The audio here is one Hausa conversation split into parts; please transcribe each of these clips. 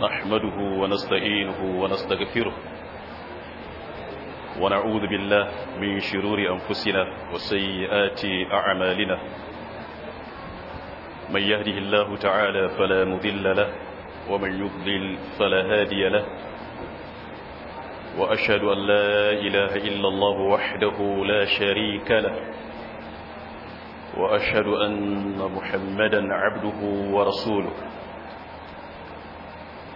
نحمده ونستعينه ونستغفره ونعوذ بالله من شرور أنفسنا وسيئات أعمالنا من يهده الله تعالى فلا مذل له ومن يضلل فلا هادي له وأشهد أن لا إله إلا الله وحده لا شريك له وأشهد أن محمدا عبده ورسوله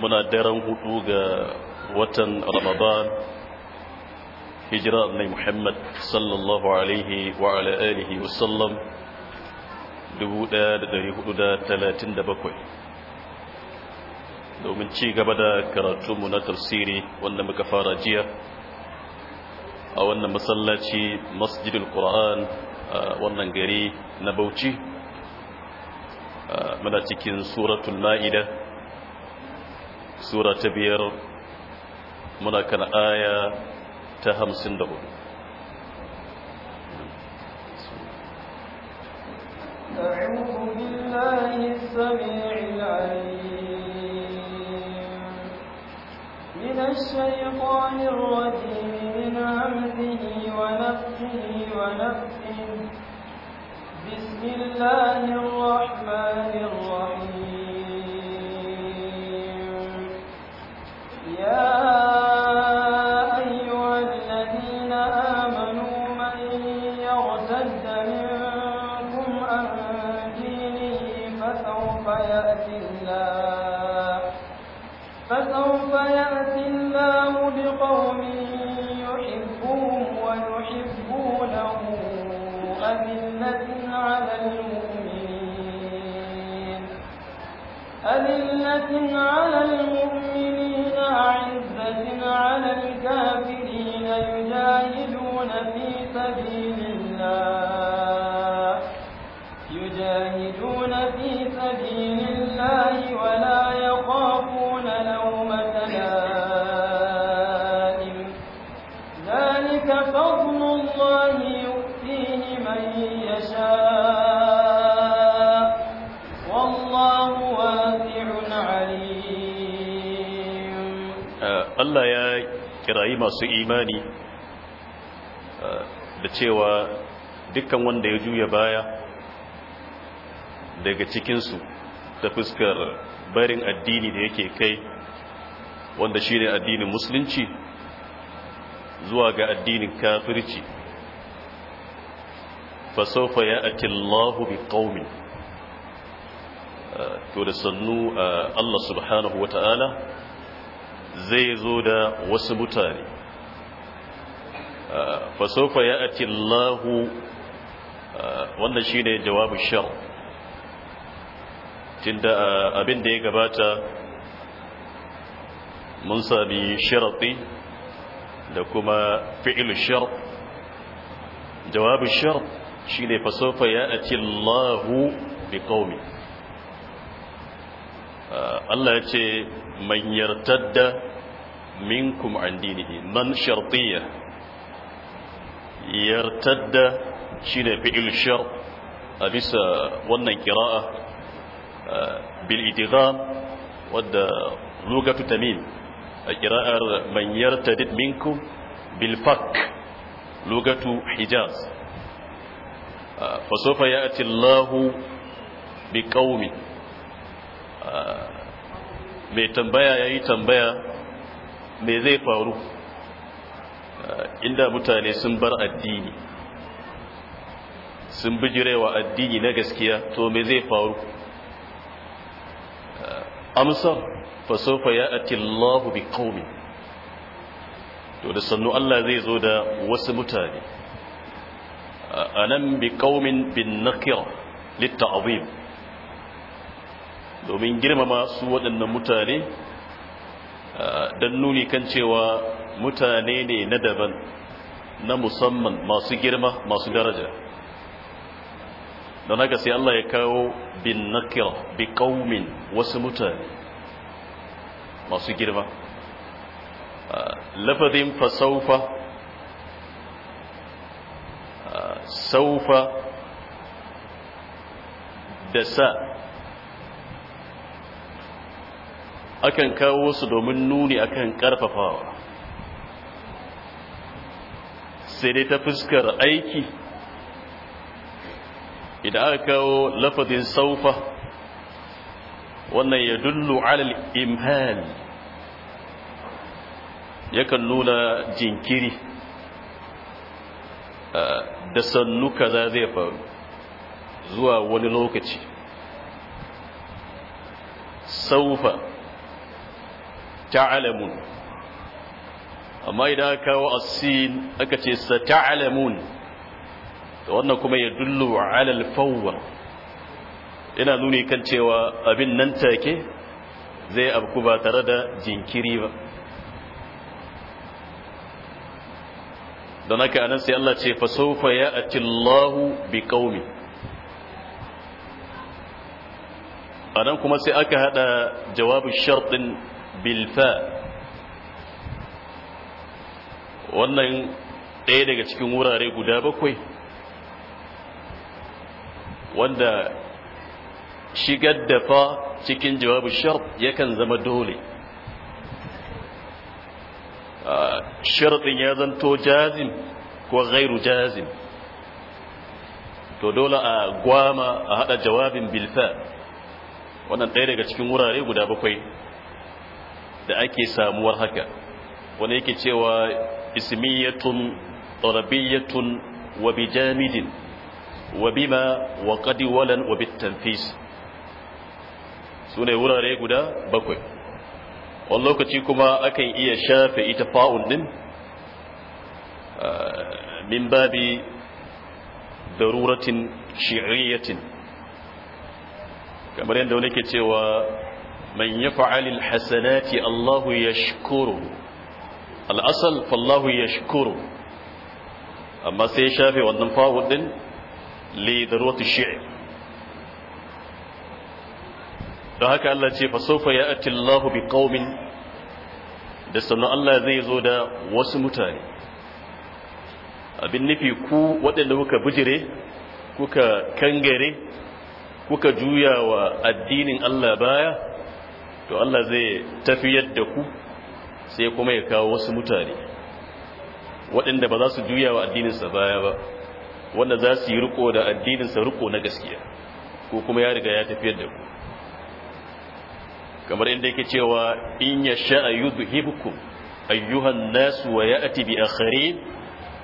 muna daren hudu ga watan ramadan hijira annai muhammad sallallahu alaihi wa ala wasallam 1437 domin ci gaba da karatunmu na tafsiri wanda muka fara jiya a wannan masallaci masjidul qur'an wannan gari na bauchi muna cikin suratul ma'ida سورة ta ملاك الآية تهم aya أعوذ بالله السميع العليم من الشيطان الرجيم من عمده ونفسه ونفسه بسم الله الرحمن الرحيم أذلة على المؤمنين أعزة على الكافرين يجاهدون في سبيل الله Allah ya kirayi masu imani ah, da cewa dukkan wanda ya juya baya daga cikinsu ta fuskar barin addini da yake kai wanda shi ne addinin musulunci zuwa ga addinin kafirci fasofa ya ake allahu bi ƙaumin ah, to da sannu ah, Allah subhanahu wa ta'ala zai zo da wasu mutane fasofa ya ati Allahu wanda shi ne jawabin shar tunda abin da ya gabata mun sami sharaɗi da kuma fi'il shar jawabin shar shi ne fasofa ya ati Allahu bi qaumi Allah ya ce من يرتد منكم عن دينه من شرطية يرتد شين فعل الشر أبس ونا قراءة آه، بالإدغام ود لغة تميم قراءة من يرتد منكم بالفك لغة حجاز آه، فسوف يأتي الله بقوم آه، mai tambaya ya yi tambaya mai zai faru inda mutane sun bar addini sun bijirewa addini na gaskiya to mai zai faru amsar fasofa ya ati Allahu bi qaumi to da sannu Allah zai zo da wasu mutane anan bi qaumin bin nakira lit ta'zim domin girmama su waɗannan mutane don nuni kan cewa mutane ne na daban na musamman masu girma masu daraja don haka sai Allah ya kawo bin nakir bi kaumin wasu mutane masu girma lafazin fasaufa saufa da sa akan kawo su domin nuni akan karfafawa sai dai ta fuskar aiki idan aka kawo lafazin saufa wannan ya dullu alal imhal yakan nuna jinkiri da sannuka kaza zai faru zuwa wani lokaci saufa ta'alamun amma idan aka kawo asin aka ce sa ta'alamun da wannan kuma ya dullu ala alfawwa ina nuni kan cewa abin nan take zai abku ba tare da jinkiri ba don haka anan sai Allah ce fa ya ya'ti Allahu bi qaumi anan kuma sai aka hada jawabu shartin bilfa wannan ɗaya daga cikin wurare guda bakwai wanda shigar da fa cikin jawabu sharp yakan zama dole sharpin ya zanto jazim ko gairu jazim to dole a gwama a hada jawabin bilfa wannan ɗaya daga cikin wurare guda bakwai da ake samuwar haka wani yake cewa ismiyatun rabiyatun wa bijamidin wa bima wa walan wa bitanfis sune wurare guda bakwai wani lokaci kuma akan iya shafe ita fa'un din min babi daruratin shi'riyatin kamar yadda wani ke cewa من يفعل الحسنات الله يشكره الأصل فالله يشكره أما سيشافي والنفاء والدن لذروة الشعر فهكا الله تي فسوف يأتي الله بقوم دستنا الله ذي زودا وسمتاني abin nufi ku waɗanda kuka bijire kuka kangare kuka juya wa addinin Allah baya to Allah zai tafiyar da ku sai kuma ya kawo wasu mutane waɗanda ba za su juya wa addininsa baya ba wanda za su yi riko da addininsa riko na gaskiya ko kuma ya riga ya tafiyar da ku kamar inda yake cewa in ya sha'a yudhibkum ayyuhan nasu wa ya'ti bi akharin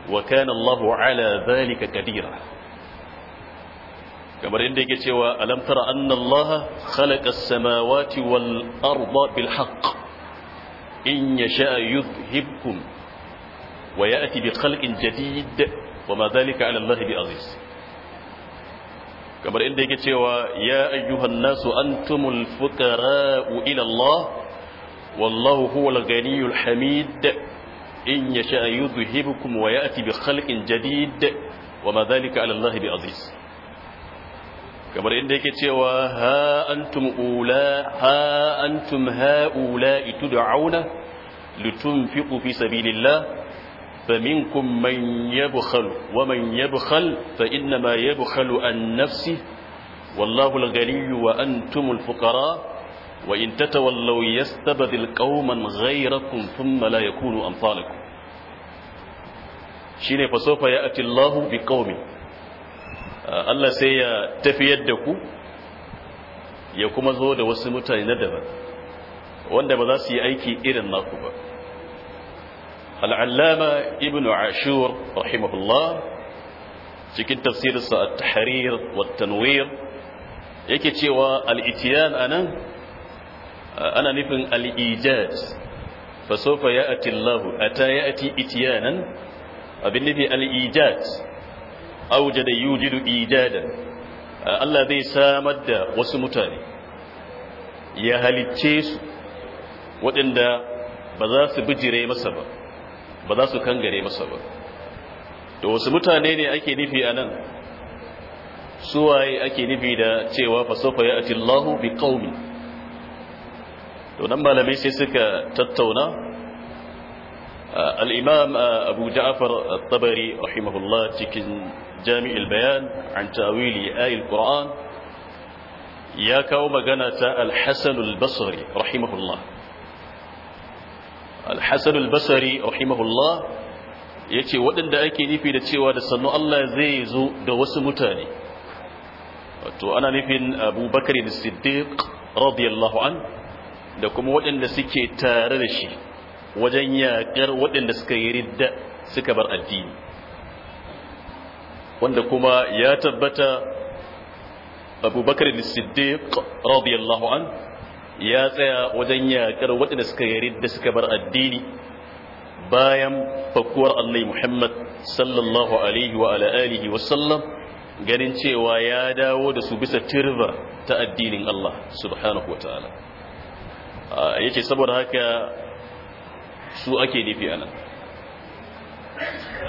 wa kana Allahu ala zalika kadira kamar inda yake cewa alam tara anna allaha khalaqa as-samawati wal arda bil haqq in yasha yuzhibkum wa ya'ti bi khalqin jadid wa ma dhalika 'ala allahi bi aziz kamar inda yake cewa ya ayyuhan nasu antumul fuqara'u ila Allah wallahu huwal ghaniyyul hamid in yasha yuzhibkum wa ya'ti bi khalqin jadid wa ma dhalika 'ala allahi bi aziz kamar inda yake cewa ha antum ula ha antum haula tud'auna litunfiqu fi sabilillah minkum man yabkhal wa man yabkhal fa inma yabkhalu an nafsi wallahu al-ghani wa antum al-fuqara wa in tatawallaw yastabdil qauman ghayrakum thumma la yakunu amsalakum shine fasofa sawfa ya'ti bi biqaumin Allah sai ya tafiyar da ku ya kuma zo da wasu mutane na daban wanda ba za su yi aiki irin naku ba al'allama ibn ashur rahimahullah cikin tafsirinsa a tahrir wa tanwir yake cewa al'itiyan a nan ana nufin al'ijaz fasofa ya ati Allah a ta ya ati itiyanan abin nufi al'ijaz da yujidu ijadan Allah zai samar da wasu mutane ya halicce su waɗanda ba za su bijire masa ba ba za su kangare masa ba da wasu mutane ne ake nufi a nan suwaye ake nufi da cewa fasofa ya ati Allahu bi qaumi to malamai sai suka tattauna alimam imam Abu Ja'far tabari rahimahullah cikin جامع البيان عن تأويل آي القرآن يا كوما جنت الحسن البصري رحمه الله الحسن البصري رحمه الله yace waɗanda ake nufi da cewa da sannu Allah zai zo da wasu mutane wato ana nufin Abu Bakar Siddiq radiyallahu an da kuma waɗanda suke tare da shi wajen yaƙar waɗanda suka yi ridda suka bar addini wanda kuma ya tabbata abubakar siddiq radiyallahu an ya tsaya wajen yaƙar waɗanda suka yari da suka bar addini bayan fakuwar allai muhammad sallallahu alaihi wa alihi wasallam ganin cewa ya dawo da su bisa turba ta addinin allah subhanahu wa ta'ala ya ce saboda haka su ake nufi anan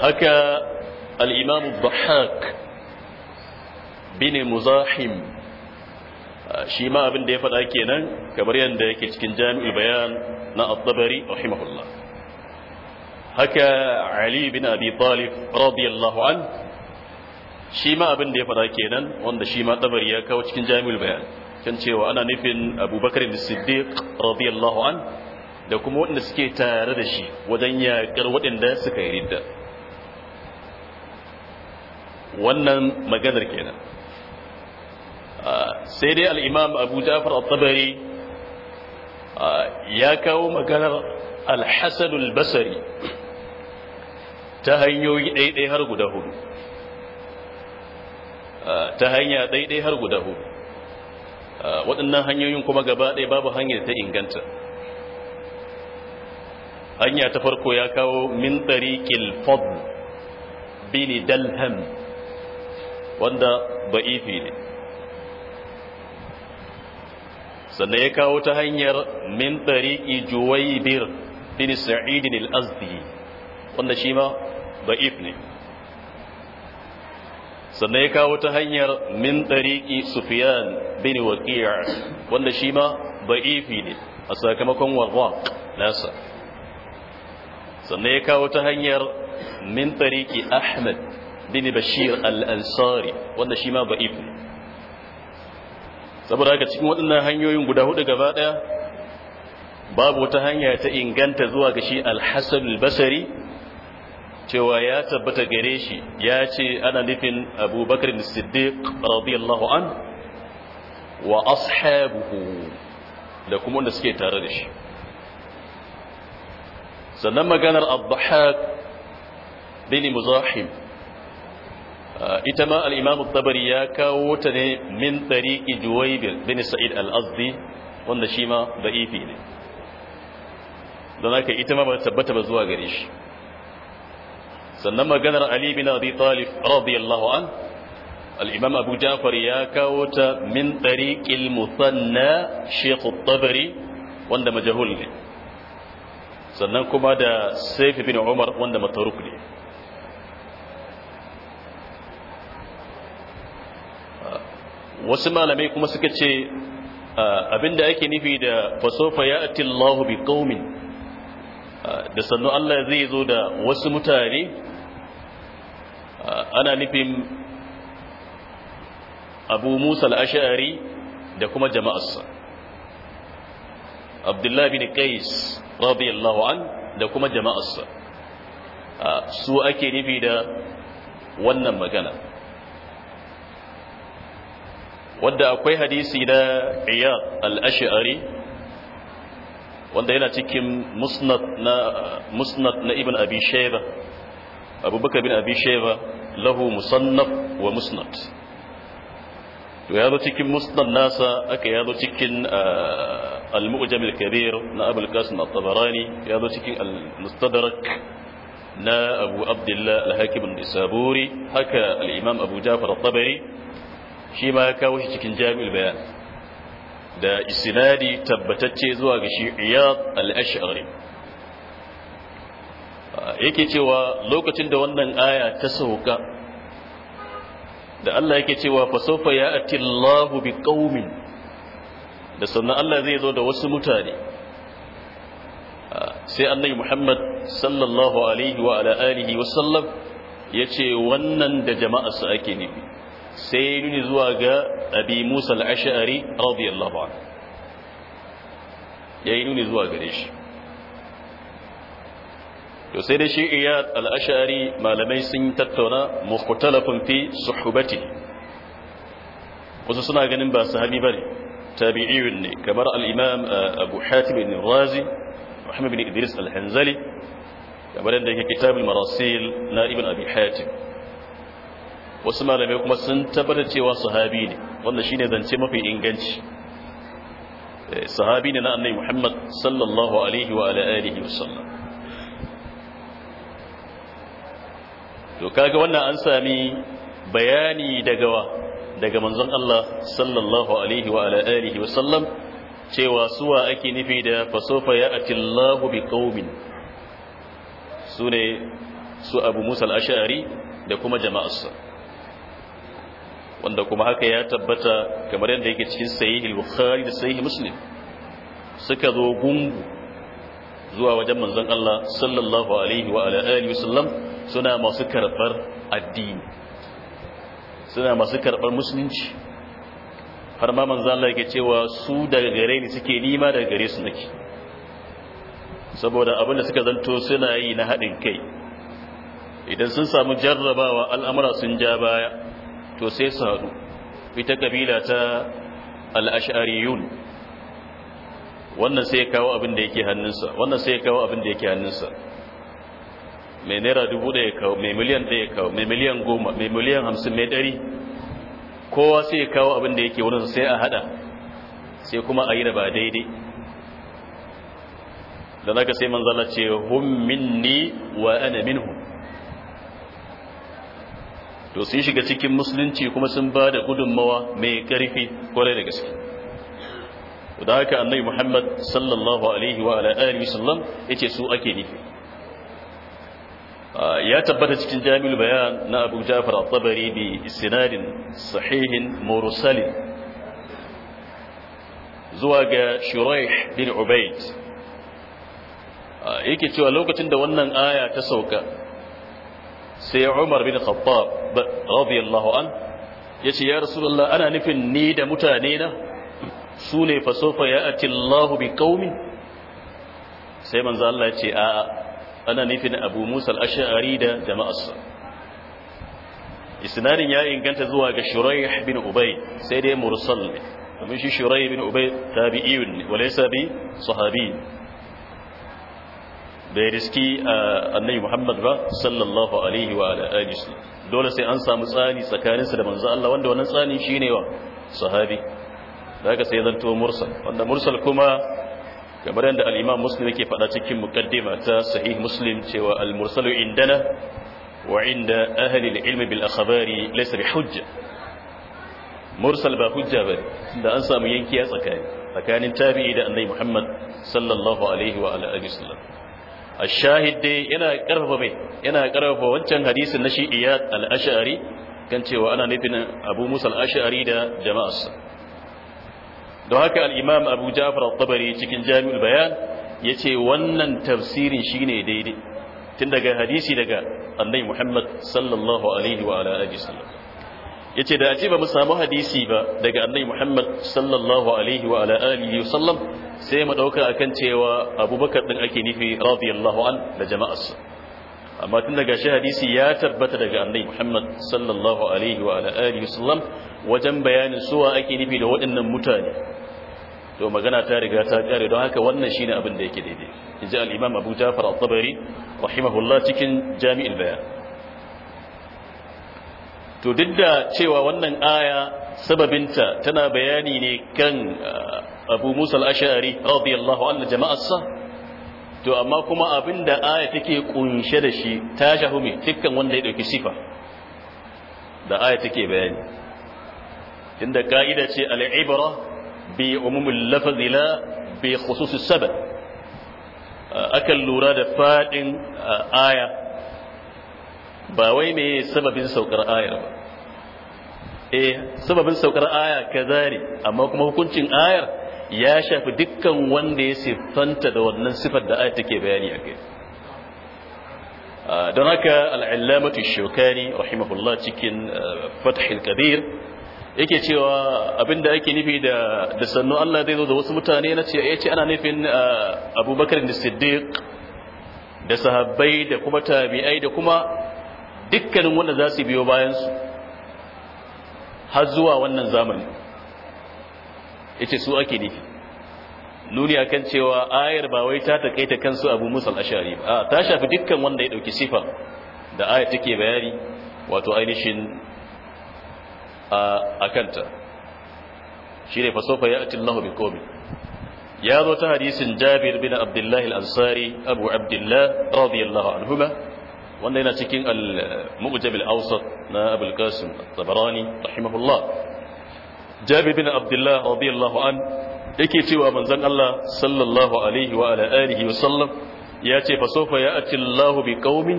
haka الإمام الضحاك بن مزاحم shi ma abin da ya faɗa kenan kamar yadda yake cikin jami'ul bayan na at-tabari rahimahullah haka ali bin abi talib radiyallahu an shi ma abin da ya faɗa kenan wanda shi ma tabari ya kawo cikin jami'ul bayan kan cewa ana nufin abubakar siddiq radiyallahu an da kuma waɗanda suke tare da shi wajen yaƙar waɗanda suka yi ridda wannan maganar kenan ah, sai dai al'imam abu jafar al-tabari ah, ya kawo maganar al-hassan basari ta hanyoyi ɗaiɗai har guda hudu ah, ta hanya ɗaiɗai har guda hudu waɗannan hanyoyin kuma gaba ɗaya babu hanyar ta inganta hanya ta farko ya kawo min kilfod fadl bini dalham wanda ba'ifi ne sannan ya kawo ta hanyar min tariki juwaibir bin sa'idin al-azdi wanda shi ma da'if ne sannan ya kawo ta hanyar min tariki Sufiyan bin waqi'a wanda shi ma da'ifi ne a sakamakon warraq nasa sannan ya kawo ta hanyar min tariki Ahmed. bin bashir al-ansari wanda shi ma ba'if saboda haka cikin waɗannan hanyoyin guda hudu gaba daya babu wata hanya ta inganta zuwa ga shi al-hasan al-basri cewa ya tabbata gare shi ya ce ana nufin abubakar siddiq radiyallahu an wa ashabuhu da kuma wanda suke tare da shi sannan maganar abdullahi bin muzahim ita ma al tabari ya kawo ta ne min tariqi juwaybir bin sa'id al-azdi wanda shi ma da'ifi ne don haka ita ma ba tabbata ba zuwa gare shi sannan maganar ali bin abi talib radiyallahu an alimam imam abu ja'far ya kawo ta min tariqil musanna na at-tabari wanda majhul ne sannan kuma da sayf bin umar wanda mataruk ne wasu malamai kuma suka ce abinda yake nufi da fasofa ya ati Allahu bi qaumin da sannu Allah zai zo da wasu mutane ana nufin Abu Musa al-Ash'ari da kuma jama'arsa Abdullah bin Qais radiyallahu an da kuma jama'arsa su ake nufi da wannan magana wanda akwai hadisi na iyad al-ash'ari wanda yana cikin musnad na musnad na ibn abi shayba abubakar bin abi shayba lahu musannaf wa musnad to yazo cikin musnad nasa aka yazo cikin al-mu'jam al-kabir na abul qasim at-tabarani yazo cikin al-mustadrak na abu abdullah al-hakim an-nisaburi haka al-imam abu ja'far at-tabari shi ma ya kawo shi cikin jami'ul bayan da isinadi tabbatacce zuwa ga shi iyad al-ash'ari yake cewa lokacin da wannan aya ta sauka da Allah yake cewa fa sawfa ya'ti Allahu biqaumin da sannan Allah zai zo da wasu mutane sai annabi Muhammad sallallahu alaihi wa ala alihi wa sallam yace wannan da jama'a su ake nufi sai nuni zuwa ga abi musa al'ashari radiyallahu an ya yi nuni zuwa gare shi to sai da shi iyad al'ashari malamai sun tattauna mukhtalafin fi suhubati wasu suna ganin ba sahabi bane tabi'iyun ne kamar al-imam abu hatim ibn razi muhammad ibn idris al-hanzali kamar da yake kitabul marasil na ibn abi hatim wasu malamai kuma sun tabbatar cewa sahabi ne wannan shine zance mafi inganci eh, sahabi ne na annabi Muhammad sallallahu alaihi wa ala alihi wasallam to kaga wannan an sami bayani daga wa daga manzon Allah sallallahu alaihi wa ala alihi wasallam cewa suwa ake nufi da fasofa ya'ati Allahu biqaumin sune su Abu Musa al-Ash'ari da kuma jama'arsa wanda kuma haka ya tabbata kamar yadda yake cikin sahihul bukhari da sahih muslim suka zo gungu zuwa wajen manzon Allah sallallahu alaihi wa ala alihi wasallam suna masu karbar addini suna masu karbar musulunci har ma manzon Allah yake cewa su daga gare ni suke nima daga gare su nake saboda abin da suka zanto suna yi na haɗin kai idan sun samu jarrabawa al'amura sun ja baya to sai su haɗu ita kabila ta al'ashariyun wannan sai ya kawo abin da yake hannunsa wannan sai ya kawo abin da yake hannunsa mai naira dubu ɗaya kawo mai miliyan ɗaya kawo mai miliyan goma mai miliyan hamsin mai ɗari kowa sai ya kawo abin da yake wurin sai a haɗa sai kuma a yi da ba daidai da naka sai manzala ce hun minni wa ana minhu to sun shiga cikin musulunci kuma sun ba da gudunmawa mai karfi kwarai da gaske da haka annabi muhammad sallallahu alaihi wa alihi sallam yace su ake nufi ah, ya tabbata cikin jami'ul bayan na abu jafar at-tabari bi sahihin mursalin zuwa ga shuraih bin ubayd ah, yake cewa lokacin da wannan aya ta sauka sai umar bin khattab radiyallahu an yace ya rasulullah ana nufin ni da mutane na sune ne fa sofa ya'ti Allahu bi qaumin sai manzo Allah ce a ana nufin Abu Musa al-Ash'ari da jama'arsa isnadin ya inganta zuwa ga Shuraih bin Ubay sai dai mursal ne domin shi Shuraih bin Ubay tabi'iyun ne walaysa bi sahabi bai riski annabi Muhammad ba sallallahu alaihi wa alihi dole sai an samu tsani tsakaninsa da manzo Allah wanda wannan tsani shine wa sahabi daga sai zanto mursal wanda mursal kuma kamar yadda al-Imam Muslim yake faɗa cikin muqaddima ta sahih Muslim cewa al-mursalu indana wa inda ahli al ilmi bil akhbari laysa bi hujja mursal ba hujja ba da an samu yanki a tsakani tsakanin tabi'i da annabi Muhammad sallallahu alaihi wa ala alihi wasallam ash-shahid yana karfafa mai karfafa wancan hadisin na shi iyad al-ash'ari kan cewa ana nufin abu musa al-ash'ari da jama'arsa don haka al-imam abu ja'far al-tabari cikin jami'ul bayan ya ce wannan tafsirin shine daidai tun daga hadisi daga annabi muhammad sallallahu alaihi wa sallam yace da a ajiba mu samu hadisi ba daga annabi Muhammad sallallahu alaihi wa ala alihi wa sallam sai mu dauka akan cewa Abubakar din ake nufi radiyallahu an da jama'arsa amma tun daga shi hadisi ya tabbata daga annabi Muhammad sallallahu alaihi wa ala alihi wa sallam wajen bayanin suwa ake nufi da waɗannan mutane to magana ta riga ta kare don haka wannan shine abin da yake daidai inji al-Imam Abu Ja'far al-Tabari rahimahullah cikin Jami'ul Bayan to duk da cewa wannan aya sababinta tana bayani ne kan uh, abu musa al'ashari radiyallahu anhu jama'arsa to amma kuma abin da aya take kunshe da shi ta shahu mai dukkan wanda ya ɗauki sifa da aya take bayani inda ka'ida ce al'ibra bi umumin lafazi la bi khususi sabab uh, akan lura da faɗin uh, aya ba wai me sababin saukar ayar ba eh sababin saukar aya kaza amma kuma hukuncin ayar ya shafi dukkan wanda ya siffanta da wannan sifar da ayar take bayani a kai ah, don haka al'allamatu shokani rahimahullah cikin ah, fatahil kabir yake cewa abinda ake nufi da da sannu Allah zai zo da wasu mutane na ce yace eh, ana nufin ah, Abubakar da Siddiq da sahabbai da kuma tabi'ai da kuma dukkanin wanda za su biyo bayansu har zuwa wannan zamani ya su ake nufi nuni a kan cewa ayar ba wai ta taƙaita kansu abu musul ashari ba ta shafi dukkan wanda ya ɗauki sifa da ayar take bayani wato ainihin a kanta shi ne fasofa ya atin lahu bikomi ya zo ta hadisin jabir bin abdullahi al'ansari abu abdullahi radiyallahu anhu wanda yana cikin al-mu'jam al-awsat na abul qasim at-tabarani rahimahullah jabir bin abdullah radiyallahu an yake cewa manzon Allah sallallahu alaihi wa ala alihi wa sallam ya ce fa sofa ya ati Allah bi qaumin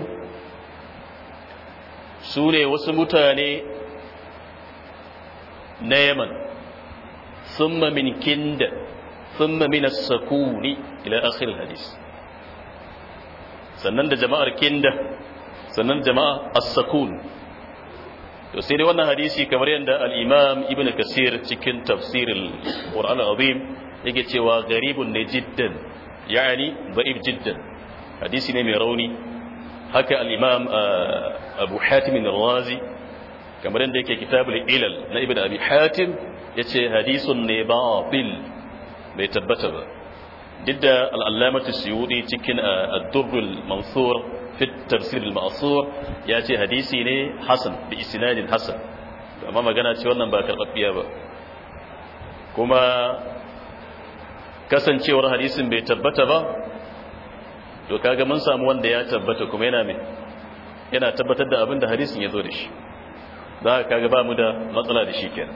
sune wasu mutane na Yaman thumma min kinda thumma min as-sakuni ila akhir al-hadith sannan da jama'ar kinda sannan jama'a as-sakun to sai dai wannan hadisi kamar yadda al-imam ibn kasir cikin tafsiril qur'an azim yake cewa garibun ne jiddan yani da'if jiddan hadisi ne mai rauni haka al-imam uh, abu hatim ar-razi kamar yadda yake kitabul ilal na ibn abi hatim yace hadisun ne batil bai tabbata ba duk da al'allamatu suyudi cikin eh, ad-durrul mansur fi tafsir ya ce hadisi ne Hassan bi isnadin hasan amma magana ce wannan ba karbabbiya ba kuma kasancewar hadisin bai tabbata ba to kaga mun samu wanda ya tabbata kuma yana mai yana tabbatar da abin da hadisin ya zo da shi za ka kaga ba mu da matsala da shi kenan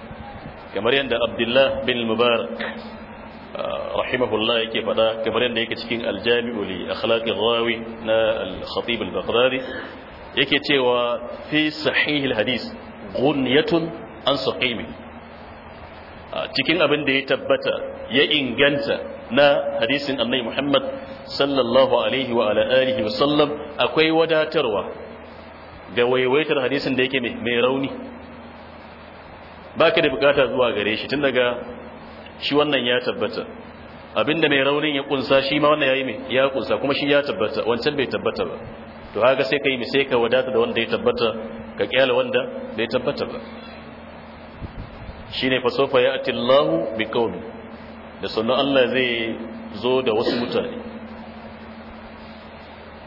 kamar yadda abdullah bin mubarak rahimahullah yake faɗa kamar yadda yake cikin aljami'u li akhlaqir rawi na al-khatib al-baghdadi yake cewa fi sahih al-hadis gunyatun an sahimi cikin abin da ya tabbata ya inganta na hadisin annabi Muhammad sallallahu alaihi wa ala alihi wa sallam akwai wadatarwa ga waiwaitar hadisin da yake mai rauni baka da bukata zuwa gare shi tun daga shi wannan ya tabbata abinda mai raunin ya kunsa shi ma wannan yayi me ya kunsa kuma shi ya tabbata wancan bai tabbata ba to haka sai kai sai ka wadata da wanda ya tabbata ka kyala wanda bai tabbata ba shine fa sofa ati, Allahu bi qawmi da sunan Allah zai zo da wasu mutane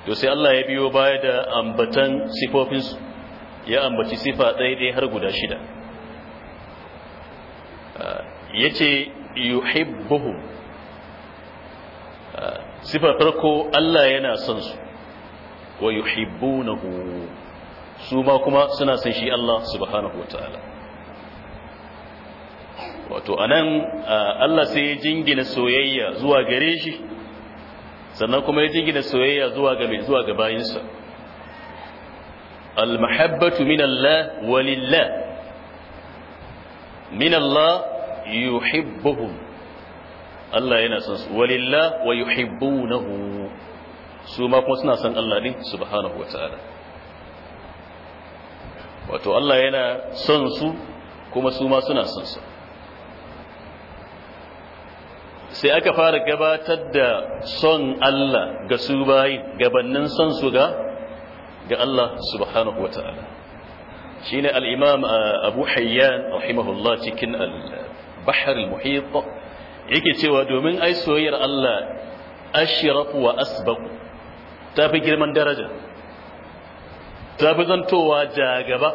to sai Allah ya biyo baya da ambatan sifofinsu ya ambaci sifa ɗaya ɗaya har guda shida ah, yace yuhibbuhum ah, sifar farko Allah yana son su wa yuhibbunahu su ma kuma suna son shi Allah subhanahu wataala wato anan ah, Allah sai ya jingina soyayya zuwa gare shi sannan kuma ya jingina soyayya zuwa ga zuwa ga bayinsa al-mahabbatu min Allah walillah min Allah yuhibbuhum Allah yana son su walillah wa yuhibbunahu su ma kuma suna son Allah din subhanahu wataala wato Allah yana son su kuma su ma suna son su sai aka fara gabatar da son Allah ga su bayi gabanin son su ga ga Allah subhanahu wataala shine al-imam uh, Abu Hayyan rahimahullah cikin al bahar muhit yake cewa domin ai soyayyar Allah ashraf wa asbaq tafi girman daraja tafi zantowa ja gaba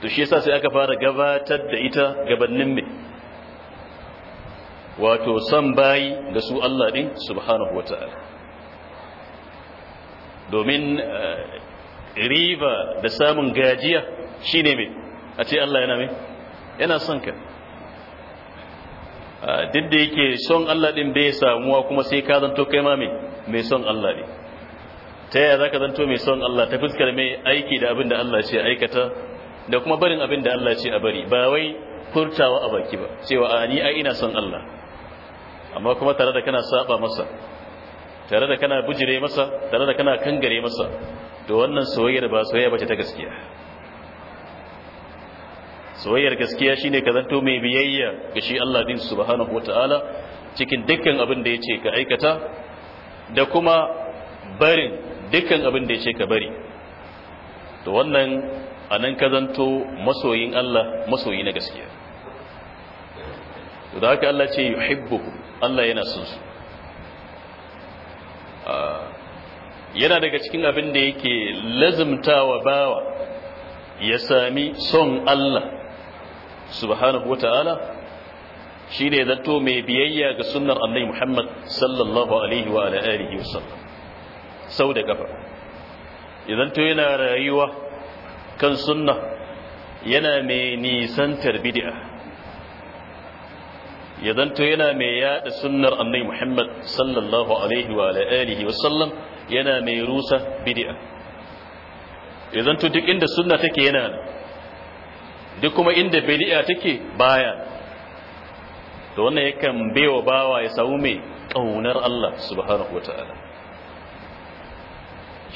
to shi yasa sai aka fara gabatar da ita gabannin me wato san bayi ga su Allah din subhanahu wataala domin eh, riba da samun gajiya shine me a ce Allah yana mai yana son ka ah, duk da yake son Allah din bai samuwa kuma sai ka zanto kai ma mai son Allah ne ta yaya za ka zanto mai son Allah ta fuskar mai aiki da abin da Allah ce aikata da kuma barin abin da Allah ce a bari ba wai furtawa a baki ba cewa a ni ai ina son Allah amma kuma tare da kana saba masa tare da kana bujire masa tare da kana kangare masa to wannan soyayyar ba soyayya bace ta gaskiya soyayyar gaskiya shine ka zanto mai biyayya ga shi Allah din subhanahu wataala cikin dukkan abin da yace ka aikata da kuma barin dukkan abin da yace ka bari to wannan anan ka zanto masoyin Allah masoyi na gaskiya to da haka Allah ce yuhibbukum Allah yana son su yana daga cikin abin da yake lazumtawa bawa ya sami son Allah subhanahu wata'ala shi ne zato mai biyayya ga sunnar annai muhammad sallallahu alaihi wa alaihi wa sallam. sau da gaba idan to yana rayuwa kan sunna yana mai nisan tarbidiya idan to yana mai yada sunnar annai muhammad sallallahu alaihi wa alaihi wa sallam yana mai rusa bid'a idan to duk inda sunna take yana duk kuma inda bidi'a take baya to wannan yakan baiwa bawa ya samu mai kaunar Allah subhanahu wataala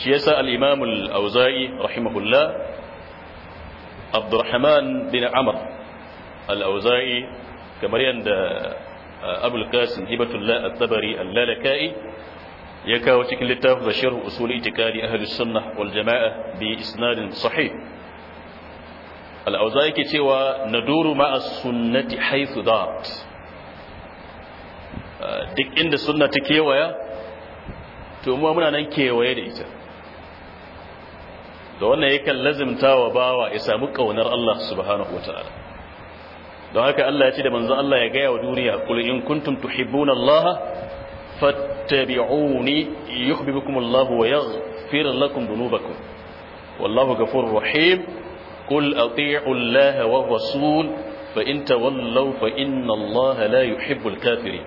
shi yasa al-Imam al-Auza'i rahimahullah Abdurrahman bin Amr al-Auza'i kamar yanda uh, Abul Qasim Hibatullah at-Tabari al-Lalakai ya kawo cikin littafin Sharh Usul itikadi Ahlus Sunnah wal Jama'a bi isnadin sahih al'auza yake cewa naduru ma'a sunnati haithu dat ah, duk inda sunna ta kewaya to mu muna nan kewaye da ita da wannan yakan lazimta wa bawa ya samu kaunar Allah subhanahu wataala don haka Allah ya ce da manzo Allah ya gaya wa duniya qul in kuntum tuhibbuna Allah fattabi'uni yuhibbukum Allah wa yaghfir lakum dhunubakum wallahu ghafurur rahim قل أطيعوا الله والرسول فإن تولوا فإن الله لا يحب الكافرين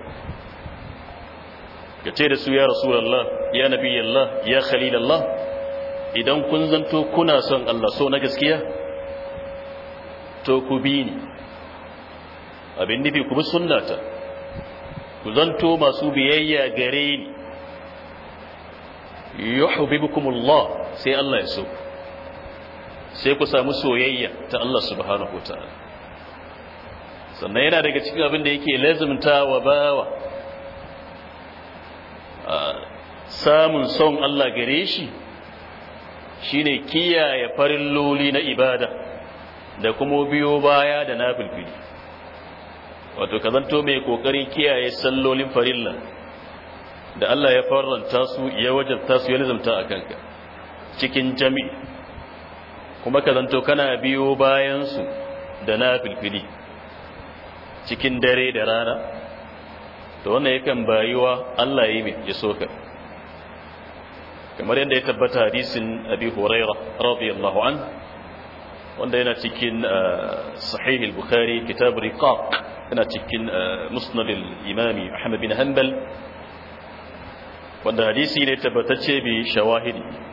da su ya رسول الله ya نبي الله ya خليل الله idan kun zanto kuna son Allah so na gaskiya to ku bi ni abin nufi ku bi sunnata ku zanto masu biyayya gare ni yuhibbukumullah sai Allah ya so ku sai ku samu soyayya ta Allah subhanahu ta’ala sannan yana daga cikin abin da yake lazimta wa bawa samun son Allah gare shi shine kiyaye loli na ibada da kuma biyo baya da nafilfili wato kazanto mai kokarin kiyaye sallolin farilla da Allah ya faranta su ya wajabta su ya lazimta a kanka cikin jami'i kuma ka zanto kana biyo bayansu da na filfili cikin dare da rana da wannan yakan bayuwa Allah ya yi mai ya soka kamar yadda ya tabbata hadisin abi huraira radiyallahu an wanda yana cikin uh, sahih al-bukhari kitab riqaq yana cikin uh, musnad al-imam ahmad bin hanbal wanda hadisi ne tabbatacce bi shawahidi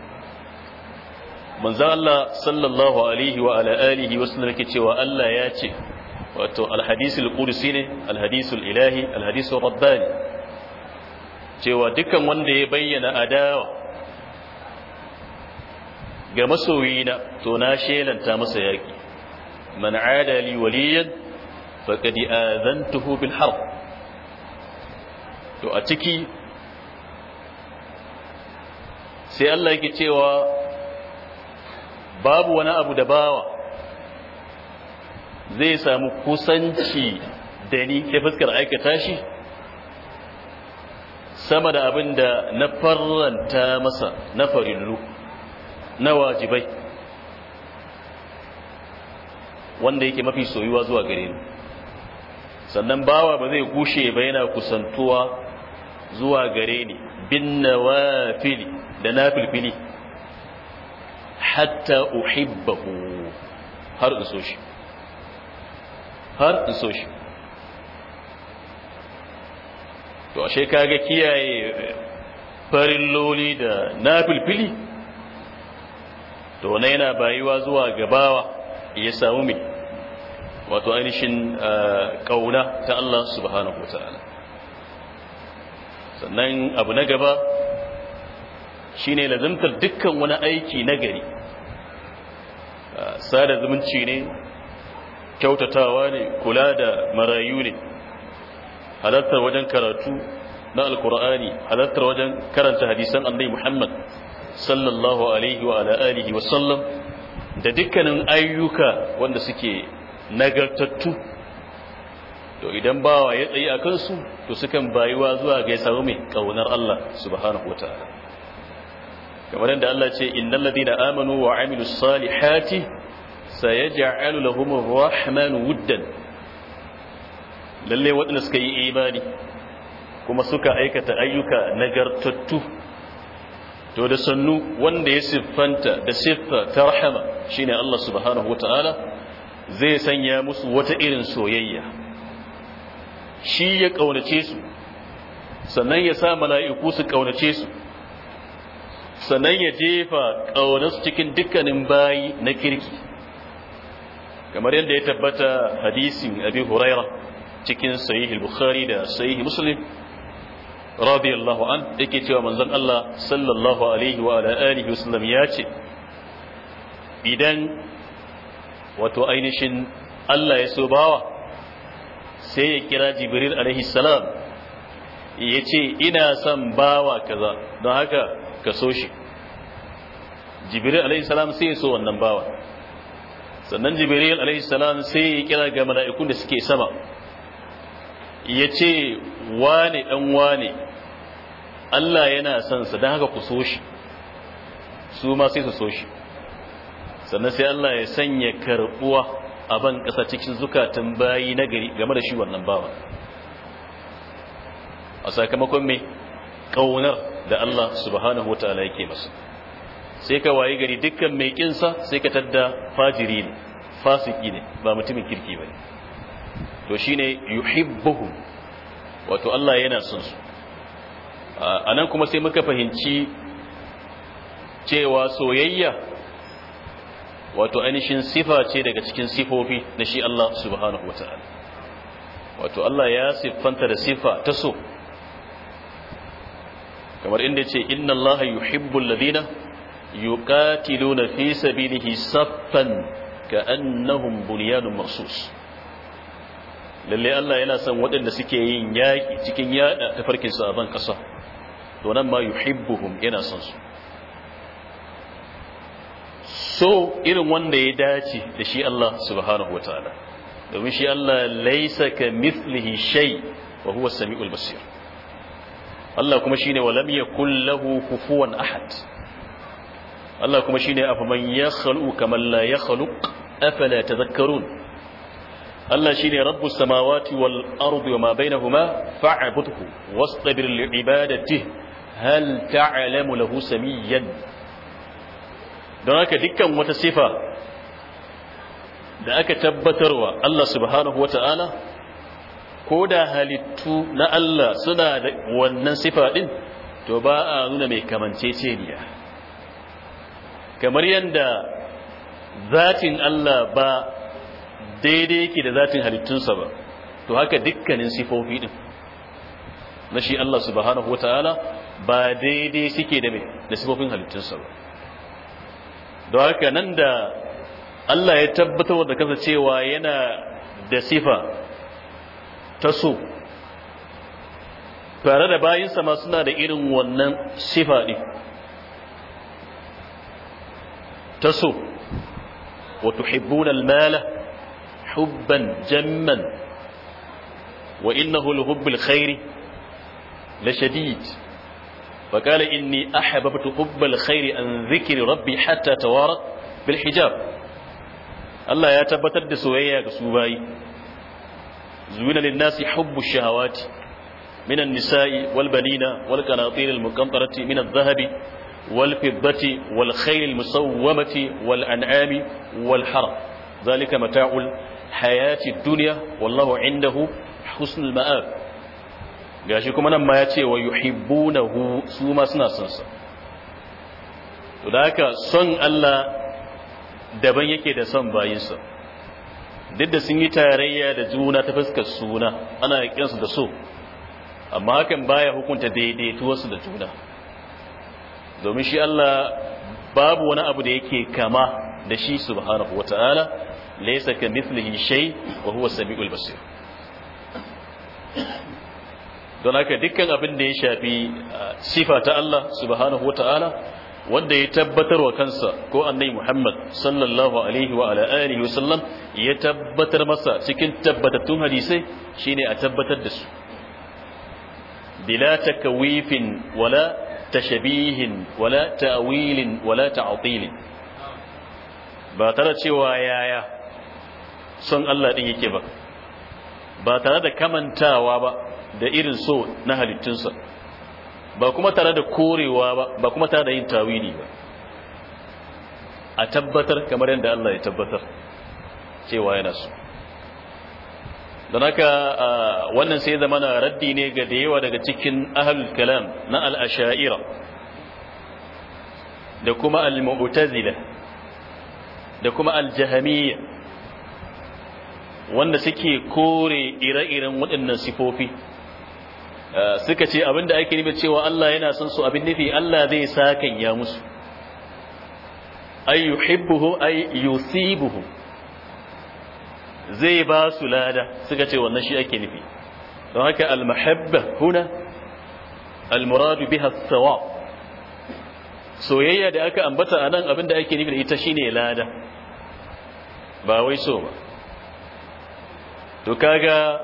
manzan Allah sallallahu alaihi wa ala alihi wasu da cewa Allah ya ce wato alhadisul qudsi ne alhadisul ilahi alhadisul rabbani cewa dukan wanda ya bayyana adawa ga masoyina to na shelanta masa yaki man adali waliyan faqad azantuhu bil harb to a ciki sai Allah yake cewa babu wani abu da bawa zai samu kusanci da ni ta fuskar aikata shi sama da abin da na faranta masa na farillu na wajibai wanda yake mafi soyuwa zuwa gare ni sannan bawa ba zai gushe ba yana kusantuwa zuwa gare ni bin nawafili da nafilfili hatta uhibbahu har in so shi har in so shi to ashe kaga kiyaye farin loli da nafilfili to ne yana bayuwa zuwa gabawa ya samu mai wato ainihin kauna ta Allah subhanahu wataala sannan abu na gaba shine lazimtar dukkan wani aiki na gari sada zumunci ne kyautatawa ne kula da marayu ne halartar wajen karatu na alkur'ani halartar wajen karanta hadisan annabi muhammad sallallahu alaihi wa alihi wa sallam da dukkanin ayyuka wanda suke nagartattu to idan bawa ya tsayi a kansu to sukan bayuwa zuwa ga ya samu mai kaunar Allah subhanahu wataala kamar yadda Allah ce innal ladina amanu wa amilus salihati sayaj'alu lahumur rahmanu wuddan lalle waɗanda suka yi imani kuma suka aikata ayyuka nagartattu to da sannu wanda ya siffanta da siffa ta rahama shine Allah subhanahu wataala zai sanya musu wata irin soyayya shi ya kaunace su sannan ya sa mala'iku su kaunace su sannan ya jefa ƙaunarsu cikin dukkanin bayi na kirki kamar yadda ya tabbata hadisin abin huraira cikin sahih bukhari da sahih muslim radiyallahu an yake cewa manzon Allah sallallahu alaihi wa ala alihi wasallam ya ce idan wato ainihin Allah ya so bawa sai ya kira Jibril alaihi salam ya ce ina son bawa kaza don haka ka so shi jibril alaihi sai ya so wannan bawa sannan jibril alaihi salam sai ya kira ga mala'ikun da suke sama ya ce wane dan wane Allah yana son sa don haka ku so shi su ma sai su so shi sannan sai Allah ya sanya karɓuwa a ban ƙasa cikin zukatan bayi na gari game da shi wannan bawa a sakamakon mai ƙaunar da Allah subhanahu wataala yake masa sai ka waye gari dukkan mai kinsa sai ka tadda fajiri ne fasiki ne ba mutumin kirki bane to shine yuhibbuhum wato Allah yana son su anan kuma sai muka fahimci cewa soyayya wato ainihin sifa ce daga cikin sifofi na shi Allah subhanahu wataala wato Allah ya siffanta da sifa ta so kamar inda ce inna allaha yuhibbul ladina yuqatiluna fi sabilihi saffan ka'annahum bunyanun marsus lalle Allah yana son waɗanda suke yin yaki cikin yaɗa tafarkin su a ban ƙasa to nan ma yuhibbuhum yana son su so irin wanda ya dace da shi Allah subhanahu wataala domin shi Allah laisa ka mithlihi shay wa huwa samiul basir Allah kuma shine walam yakul lahu kufuwan ahad Allah kuma shine afaman yakhluqu kaman la yakhluq afala tadhakkarun Allah shine rabbus samawati wal ardi wama bainahuma fa'budhu wastabir li ibadatihi hal ta'lamu lahu samiyan don haka dukkan wata sifa da aka tabbatarwa Allah subhanahu wata'ala ko da halittu na Allah suna da wannan sifa din to ba a nuna mai kamanceceniya kamar yadda zatin Allah ba daidai yake da zatin halittunsa ba to haka dukkanin sifofi din na shi Allah subhanahu ta'ala, ba daidai suke da da sifofin halittunsa ba don haka nan da Allah ya tabbatar da kansa cewa yana da sifa taso tare da bayinsa ma suna da irin wannan sifa ɗin taso wa tuhibbuna al mala hubban jamman wa innahu al-hubb al khairi la shadid wa qala inni ahabbtu hubb al حب an dhikri rabbi hatta حتى bil hijab Allah ya tabbatar da soyayya ga su bayi زوين للناس حب الشهوات من النساء والبنين والقناطير المقنطرة من الذهب والفضة والخيل المسومة والأنعام والحرم ذلك متاع الحياة الدنيا والله عنده حسن المآب gashi kuma nan ma ya ce wa yuhibbunahu su ma suna son sa to da haka son Allah daban yake da son bayinsa duk da sun yi tarayya da juna ta fuskar suna ana kiransu da so amma hakan baya hukunta daidaituwarsu da juna domin shi Allah babu wani abu da yake kama da shi subhanahu wata'ala laysa mithlihi shay wa huwa samiul basir don haka dukkan abin da ya shafi ah, sifa ta Allah subhanahu wata'ala wanda ya tabbatar wa kansa ko annai muhammad sallallahu alaihi wa ala wa sallam ya tabbatar masa cikin tabbatattun hadisai shine a tabbatar da su bila takawifin wala tashabihin wala ta'wilin wala ta'tilin ba tare cewa yaya son Allah ɗin yake ba ba tare da kamantawa ba da irin so na halittunsa ba kuma tare da korewa ba ba kuma tare da yin tawili ba a tabbatar kamar yadda Allah ya tabbatar cewa yana so don haka wannan sai zama na raddi ne ga da yawa daga cikin ahal kalam na al'asha'ira da kuma al-mu'tazila da kuma al-jahamiyya wanda suke kore ire-iren waɗannan sifofi suka ce abinda ake nufi cewa Allah yana son su abin nufi Allah zai sakan ya musu ay yuhibbuhu ay yusibuhu zai ba su lada suka ce wannan shi ake nufi don haka al-mahabba huna al biha thawab soyayya da aka ambata anan abinda ake nufi ita shine lada ba wai so ba to kaga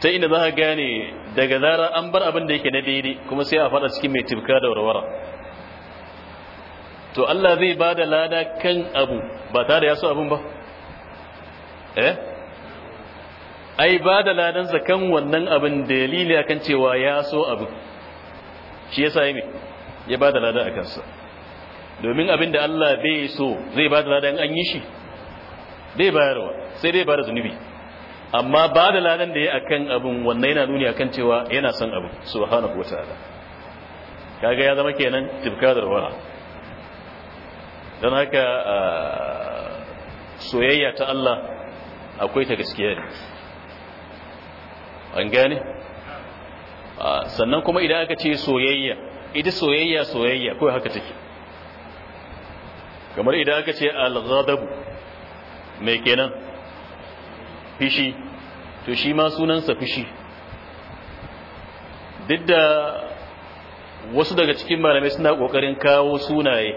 ta inda za ka gane daga zara an bar abin da yake na daidai kuma sai a fada cikin mai tibka da warwara to Allah zai ba da lada kan abu ba tare ya so abin ba eh ai ba da ladansa kan wannan abin dalili akan cewa ya so abin shi yasa yi ya ba da lada a kansa domin abin da Allah bai so zai ba da ladan an yi shi bai bayarwa sai dai ba da zunubi amma ba da ladan da ya akan abin wannan yana nuni akan cewa yana son abin subhanahu wataala kaga ya zama kenan tibkadar wara Dan haka soyayya ta Allah akwai ta gaskiya ne an gane sannan kuma idan aka ce soyayya ita soyayya soyayya ko haka take kamar idan aka ce al-ghadab mai kenan fishi to shi ma sunansa fishi duk da wasu daga cikin malamai suna ƙoƙarin kawo sunaye